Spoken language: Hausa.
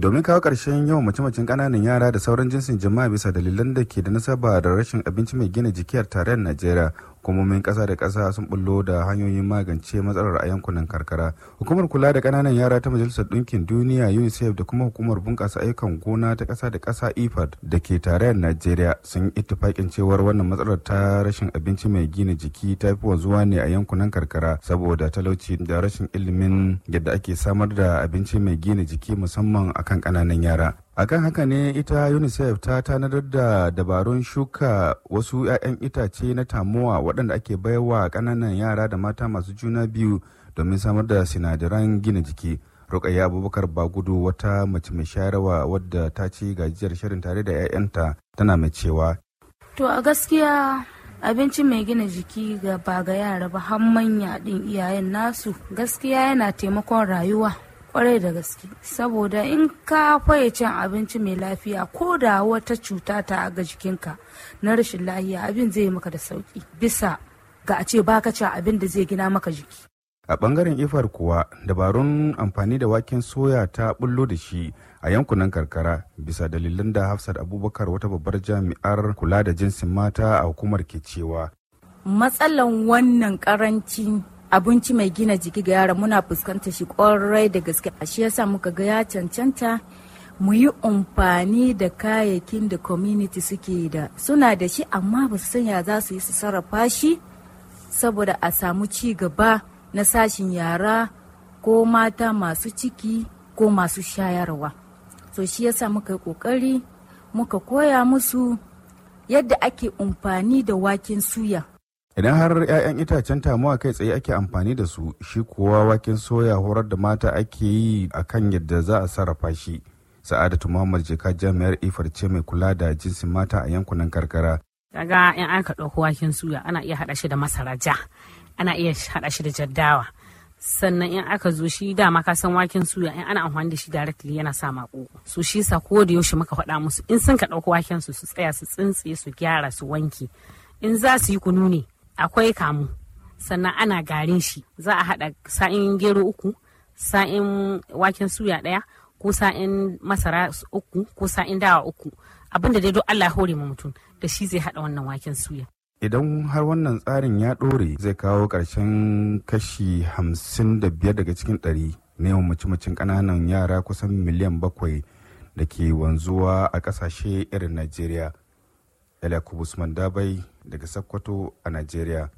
domin kawo ƙarshen yawan mace-macen ƙananan yara da sauran jinsin jama'a bisa dalilan da ke da nasaba da rashin abinci mai gina jiki a tarayyar najeriya hukumomin ƙasa da ƙasa sun bullo da hanyoyin magance matsalar a yankunan karkara hukumar kula da kananan yara ta majalisar ɗinkin duniya unicef da kuma hukumar bunƙasa ayyukan gona ta kasa da kasa ifad da ke tarayyar najeriya sun ittifaƙin cewar wannan matsalar ta rashin abinci mai gina jiki ta fi wanzuwa ne a yankunan karkara saboda talauci da rashin ilimin yadda ake samar da abinci mai gina jiki musamman akan kananan yara akan haka ne ita unicef ta tanadar da dabarun shuka wasu 'ya'yan itace na tamuwa waɗanda ake baiwa ƙananan yara da mata masu juna biyu domin samar da sinadaran gina jiki rukayya abubakar bagudu wata mace mai shayarwa wadda ta ci gajiyar shirin tare da 'ya'yanta tana mai cewa to a gaskiya abinci mai gina jiki ga ba ga yara ba har manya din iyayen nasu gaskiya yana taimakon rayuwa kwarai da gaske saboda in ka faye cin abinci mai lafiya ko da wata cuta ta ga jikinka na rashin lahiya abin zai maka da sauki bisa ga a ce baka cin abin da zai gina maka jiki a bangaren ifar kuwa dabarun amfani da waken soya ta bullo da shi a yankunan karkara bisa dalilan da hafsat abubakar wata babbar jami'ar kula da jinsin mata a hukumar ke cewa matsalan wannan karanci abinci mai gina jiki ga yara muna fuskantar shi kwarai da gaske shi yasa muka ga ya cancanta mu yi amfani da kayayyakin da community suke da suna da shi amma ba su sanya za su yi su sarrafa shi saboda a samu ci gaba na sashin yara ko mata masu ciki ko masu shayarwa so shi yasa muka yi kokari muka koya musu yadda ake amfani da waken suya idan har 'ya'yan itacen tamuwa kai tsaye ake amfani da su shi kuwa waken soya horar da mata ake yi a kan yadda za a sarrafa shi sa'adatu muhammad jeka jami'ar ifar ce mai kula da jinsin mata a yankunan karkara daga in aka ɗauko waken suya ana iya haɗa shi da masara ja ana iya haɗa shi da jaddawa sannan in aka zo shi dama ka san waken suya in ana amfani da shi directly yana sa mako su shi sa ko da yaushe muka faɗa musu in sun ka ɗauko waken su su tsaya su tsintse su gyara su wanke in za su yi kunu ne akwai kamu sannan ana garin shi za a haɗa sa'in gero uku sa'in waken suya ɗaya ko sa'in masara uku ko sa'in dawa uku abinda dai duk Allah hore mu mutum da shi zai haɗa wannan waken suya idan har wannan tsarin ya ɗore zai kawo ƙarshen kashi hamsin da biyar daga cikin ɗari na yawan mace-macen ƙananan yara kusan miliyan bakwai da ke wanzuwa a ƙasashe irin najeriya Ela Usman Dabai daga Sokoto a Najeriya.